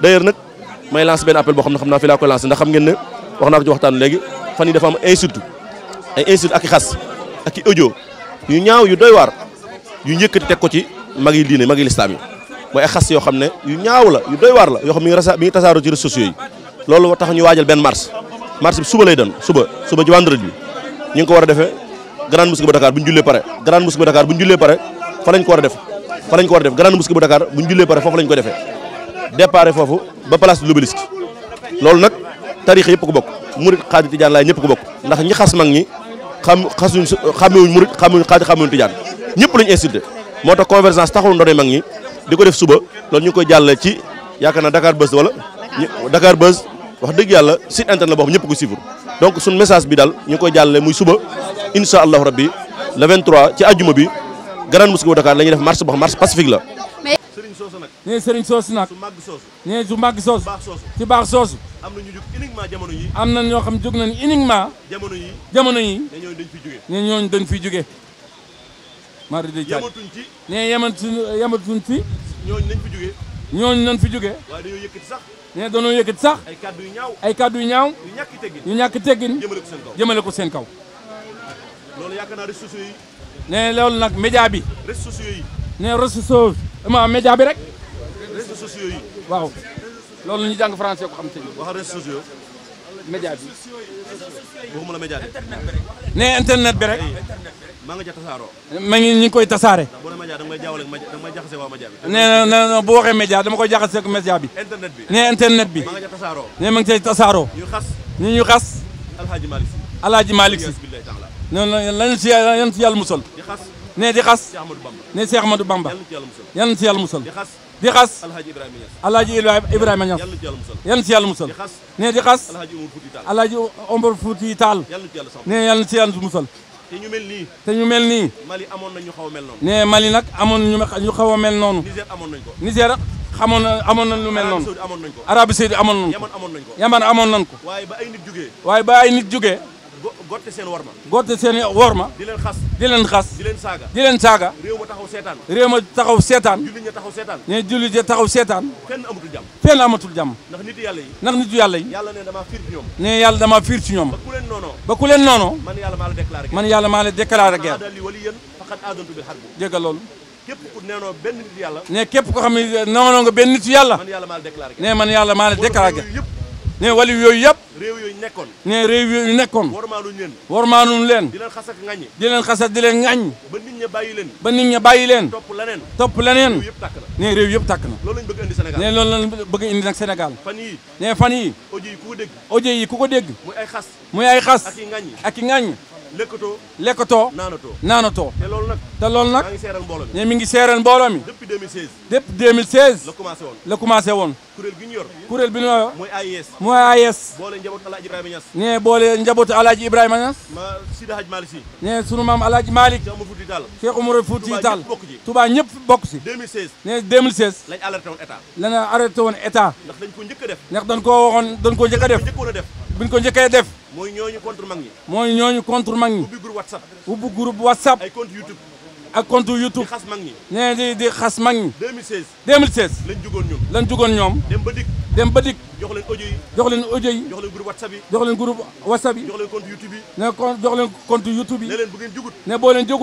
d'ailleurs nag may lancer benn appel boo xam ne xam naa fi laa ndax xam ngeen ne wax naa ko ci waxtaan léegi fan yi dafa am insulte ay insulte ak i xas ak i audio yu ñaaw yu doy waar yu njëkkati teg ko ci mag yi diine mag yi lislaam yi mooy ay xas yoo xam ne yu ñaaw la yu doy waar la yoo xam mi ngi ci réseaux sociaux yi loolu tax ñu waajal benn marche marche bi suba lay doon suba suba ci vendredi bi ñu ngi ko war a defee grande mosquée bu Dakar bu ñu bu Dakar pare fa lañ ko war a def fa lañ ko war foofu lañ ko defee départ foofu ba place de l'Obélisque loolu nag tarixa yëpp ku bokk murit xaaj tijaan laay ñëpp ko bokk ndax ñi xas mag ñi xam xasuñ xamewuñ murit xamewuñ xaadi xamewuñ tijaan ñëpp lañu insulté moo tax convergence taxul ndoonee mag ñi di ko def suba loolu ñu koy jàllale ci yaakaar naa Dakar Buzz wala Dakar Buzz wax dëgg yàlla site internet la boo xam ñëpp ko suivre donc suñ message bi daal ñu koy jàllale muy suba insha allahu rabbi le 23 ci àjjuma bi grande mosquée bu Dakar la ñuy def marche boo xam marche la soosu nag nee sëriñ soosu nag su màgg soosu nee su màgg soosu baax soosu ci baax soosu am na ñu jóg uniquement jamono yi am na ñoo xam jóg nañ uniquement jamono yi jamono yi ne ñooñu dañ fi jóge ne ñooñu dañ fi jóge mari de yamatuñ ci nee yamatuñ yamatuñ ci ñooñu nañ fi jóge ñooñu nañ fi jóge waaye dañoo yëkkati sax nee dañoo yëkkati sax ay kàddu yu ñaaw ay kàddu yu ñaaw yu ñàkk teggin yu ñàkk teggin jëmale ko seen kaw jëmale ko seen kaw loolu yaakaar naa réseaux sociaux yi nee loolu nag média bi réseaux sociaux yi ne réseaux ma média bi rek. réseaux sociaux yi. waaw loolu la ñuy jàng français ko xam te ni. wax réseaux sociaux. média bi. la média bi. ne internet bi rek. maa ngi ca tasaaroo. ma ngi ñu ngi koy tasaare. boo nee média da nga may jaawale da nga may jaxase waa média bi. nee na bu waxee dama koy jaxase ak média bi. internet bi nee internet bi. maa ngi ca ma ngi cay tasaaroo. ñu xas ñu ñu xas. Alhaji Malick Sy. Alhaji Malik Sy. non non lan si yàlla yan si yàlla musal. ne di xas ne Cheikh Ahmadou Bamba yal na ci yàlla musal di xas alaaji Ibrahima Niass yal na ci yàlla musal ne di xas alaaji Omar Fouti Tall ne yal na ci te ñu mel nii te ñu mel nii Mali na ñu a mel noonu Mali nag amoon ñu a mel noonu Niger amoon na amoon nañ lu mel noonu Arabie Saoudite amoon nañ Yaman amoon nañ ko waaye ba ay nit jógee gotte seen worma. gotte seen worma. di leen xas di leen xas. di leen saaga di ma taxaw seetaan. réew ma taxaw seetaan. jullit ña taxaw seetaan. ñooy taxaw seetaan. fenn amatul jàmm. fenn amatul jam ndax nitu yàlla yi. ndax nitu yàlla ne damaa fiir ci ñoom. ne yàlla ba ku leen noonoo. leen noonoo. man yàlla maa la déclaré guerre. man yàlla maa la déclaré guerre. déggal loolu. képp ku neenoo benn nitu yàlla. ne képp koo xam ne noonoo nga benn nitu yàlla. man man yàlla maa la déclaré guerre. ne wali yooyu yëpp réew yooyu nekkoon ne réew yooyu nekkoon warmaanuñ leen warmaanuñ leen di leen xas ak ŋàññ di leen xas ak di leen ŋàññ ba nit ña bàyyi leen ba nit ña bàyyi leen topp leneen topp leneen ne réew yëpp tàkk na loolu lañ bëgg indi Sénégal loolu lañ bëgg indi nag Sénégal fan yi ne fan yi audio yi ku ko dégg audio yi ku ko dégg muy ay xas muy ay xas ak i ŋàññ ak i lekkatoo lekkatoo naanatoo naanatoo te loolu nag te loolu nag ne mi ngi seeral mi depuis 2016 depuis 2016 la commencé woon la commencé woon kuréel gi mooy AIS mooy AIS boole njabootu Alaaji Ibrahima Niass ne boole njabootu Alaaji Ibrahima Niass ma Sidi Hadj Malick bokk ci 2016 ne 2016 lañ arrêté woon état lañ arrêté woon état ndax dañ ko njëkk a ndax dañ ko waxoon dañ ko njëkk def buñ ko njëkkee def mooy ñooñu contre mag ñi. mooy ñooñu contre mag ñi. ubbi groupe whatsapp. ubbi groupe whatsapp. ay compte youtube. ak compte youtube di xas mag ñi. jugoon ñoom. lañ jugoon ñoom. dem ba dem ba dikk. jox leen audio yi. jox leen audio ne kon jox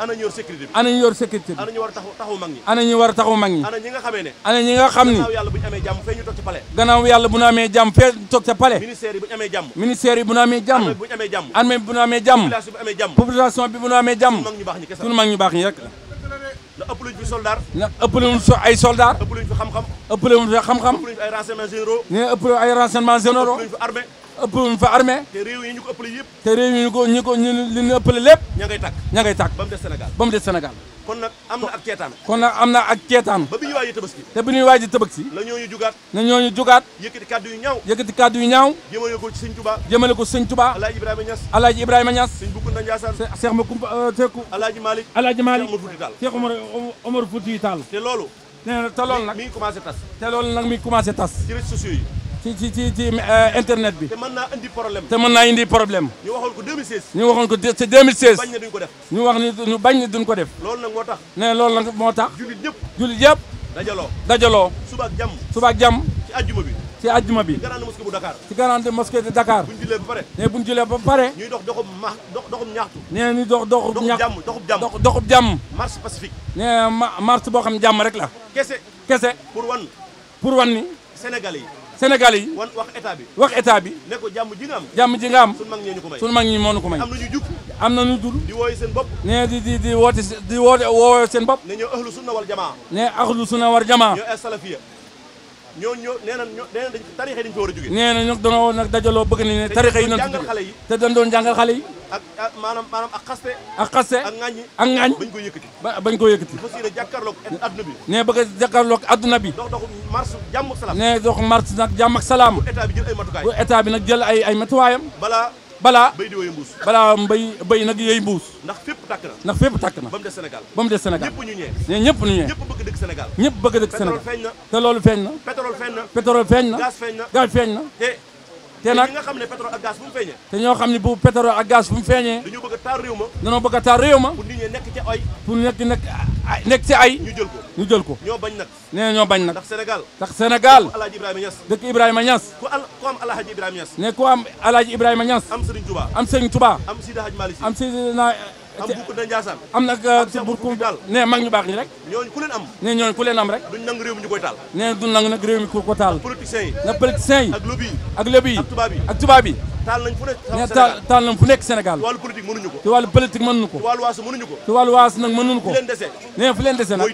ana ñu yor sécurité bi ana ñu yor sécurité bi ana ñu war a taxaw taxaw mag ñi ana ñu war a taxaw mag ñi ana ñi nga xamee ne ana ñi nga xam ni gannaaw yàlla bu ñu amee jàmm fee ñu toog ca palais gannaaw yàlla bu ñu amee jàmm fee toog ca palais ministère yi bu ñu amee jàmm ministère yi bu ñu amee jàmm bu ñu amee jàmm armée bi bu ñu amee jàmm population bi amee jàmm population bi bu ñu amee jàmm mag ñu baax ñi kese suñu mag ñu baax ñi rek la ëpp luñ fi soldat ndax ëpp luñ fi ay soldat ëpp luñ fi xam-xam ëpp luñ fi xam-xam ëpp luñ fi ay renseignements généraux ëpp luñ ay renseignements généraux ëpp luñ fi armée ëppluñ fa armée te réew yi ñu ko ëppale yëpp te réew lépp ña ngay tàkk ña ngay tàkk ba mu des Sénégal ba mu des Sénégal kon nag am na ak ceetaan kon nag am na ak ceetaan ba bi ñu waaj a tabaski te bi ñuy waaj a tabaski la ñooñu jugaat la ñooñu jugaat yëkkati kàddu yu ñaaw yëkkati kàddu yu ñaaw jëmale ko sëñ Touba jëmale ko sëñ Touba Alaaji Ibrahima Niass Alaaji Ibrahima Niass sëñ Bukunda Ndiassane Cheikh Makumba Teku euh, Alaaji Malick Alaaji Malick Cheikh te loolu nag mi ngi commencé tas te commencé tas ci ci ci ci ci euh, internet bi. te mën naa indi problème. te mën naa indi problème. ñu waxul ko 2016. ñu waxoon ko ci 2016. bañ na duñ ko def. ñu wax loolu nag moo tax. ne loolu nag moo tax. jullit ñëpp jullit yëpp. dajaloo dajaloo. suba ak jàmm suba ak jàmm. ci àjjuma bi. si àjjuma bi. ci grande bu Dakar. ci grande mosquée de Dakar. buñ jullee ba pare. ne buñ jullee ba pare. ñuy dox doxub ma dox doxub ñaxtu. nee ni dox doxub. ñaxtu doxub jàmm doxub jàmm. jàmm. marche pacifique. nee ma marche boo xam jàmm rek la. kese. kese. pour wan. pour wan ni. Sénégalais yi Sénégal yi wax état bi wax état bi ne ko jàmm ji am jàmm ji nga am sunu mag ñi ñu ko may moo ñu ko may am nañu jug am nañu dul di wooye seen bopp ne di di di woote di woote woo seen bopp ne ñoo ahlu sunna wal jamaa ne ahlu sunna wal jamaa ñoo ñoo ñoo nee na ñoo nee na tarixa yi dañu fi war a nag dajaloo bëgg nañ ne tarixa yi nañ jàngal xale yi te dañ doon jàngal xale yi ak maanaam maanaam ak xaste ak xaste ak ŋaaññi ak ŋaañ bañ koy yëkkati bañ koy yëkkati fas yéene jàkkaarloog adduna bi nee bëgg a jàkkaarloog adduna bi dox dox mars jàmm ak salaam nee dox mars nag jàmm ak salaam bu état bi jël ay matukaay bu état nag jël ay ay matuwaayam balaa balaa bay di yooyu mbuus balaa mbay bay nag yooyu mbuus ndax fépp tàkk na ndax fépp tàkk na ba mu des Sénégal ba mu des Sénégal ñëpp ñu ñee ne ñëpp ñu ñee ñëpp bëgg dëkk Sénégal ñëpp bëgg dëkk Sénégal te feeñ na pétrole feeñ na pétrole feeñ na gaz feeñ na te nag nga xam ne pétrole ak gaz bu mu feeñee te ñoo xam ne bu pétrole ak gaz bu mu feeñee dañoo bëgg a taal réew ma a taal réew ma pour nit ñi nekk ci ay pour nekk nekk nekk ay ñu jël ko ñu jël ko ñoo bañ nag nee na ñoo bañ nag ndax Sénégal ndax Sénégal alaaji Ibrahima Niass dëkk Ibrahima Niass ku al ku am alaaji Ibrahima Niass ne ku am alaaji Ibrahima Niass am Boukounta Ndiassane am nag Bourkoum daal ne mag ñu baax ñi rek ñooñu ku am ne ñooñu ku am rek duñ nangu réew nag réew mi ku ko taal politiciens yi na ak lobby ak lobby ak tubaab taal nañ fu nekk Sénégal taal nañ fu ko ci waas nag mënuñu ko fu fu leen dese nag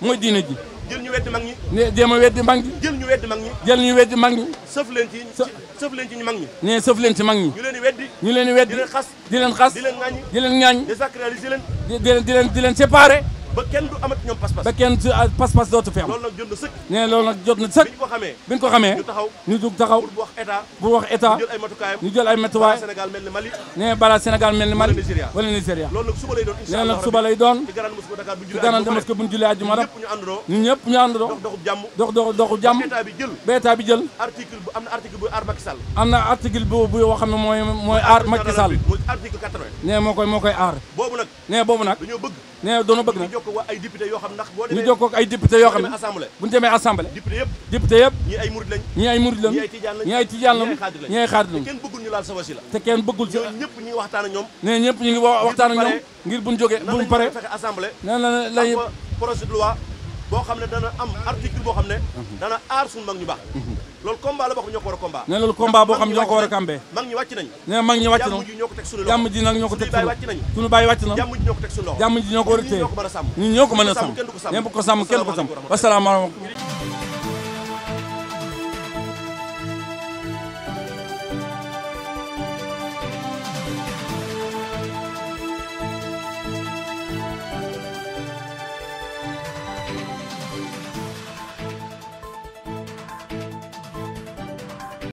mooy diine ji jël ñu weddi mag ñi ne jéem a weddi mag ñi jël ñu weddi mag ñi jël ñu weddi mag ñi sëf leen ci sëf leen ci ñu mag ñi ne sëf leen ci mag ñi ñu leen di weddi ñu leen di weddi di leen xas di leen xas di leen ŋaañ di leen ŋaañ désacraliser leen ba kenn du amat ñoom pas-pas. ba kenn dootu fi am. loolu na jot na sëkk. bi ñu ko xamee. ñu jug taxaw pour wax état. pour wax état ñu jël ay matukaayam. ñu jël Sénégal mel ni Mali. nee balaa Sénégal mel ni Mali. wala Nigéria wala Nigéria. loolu nag ñu julee. ñu julee àjjuma rek. ñun dox dox dox doxub jàmm. état bi jël. am na article bu aar Macky mooy aar Macky Sall. moo koy moo koy aar. nee boobu nag dañoo bëgg nee doona bëgg nag ñu jokkoo ak ay député yoo xam ndax boo demee ñu jokkoo ak yoo xam bu ñu demee assemblée député yëpp député ay murid lañ ñii ay murid lañ ñii ay tijaan lañ te kenn bëggul ñu laal sa wasila te ñoom ngir buñ jógee buñ paree assemblée nee na lañ boo xam ne dana am article boo xam ne mhm. dana aar suñu mag ñu mhm. loolu combat boo xam ne ñoo ne loolu combat nañ ne mag ñi nañ jàmm ji ñoo ko teg suñu loxo nañ suñu ji ñoo ko teg suñu loxo jàmm ji ñoo ko war a ko mën a sàmm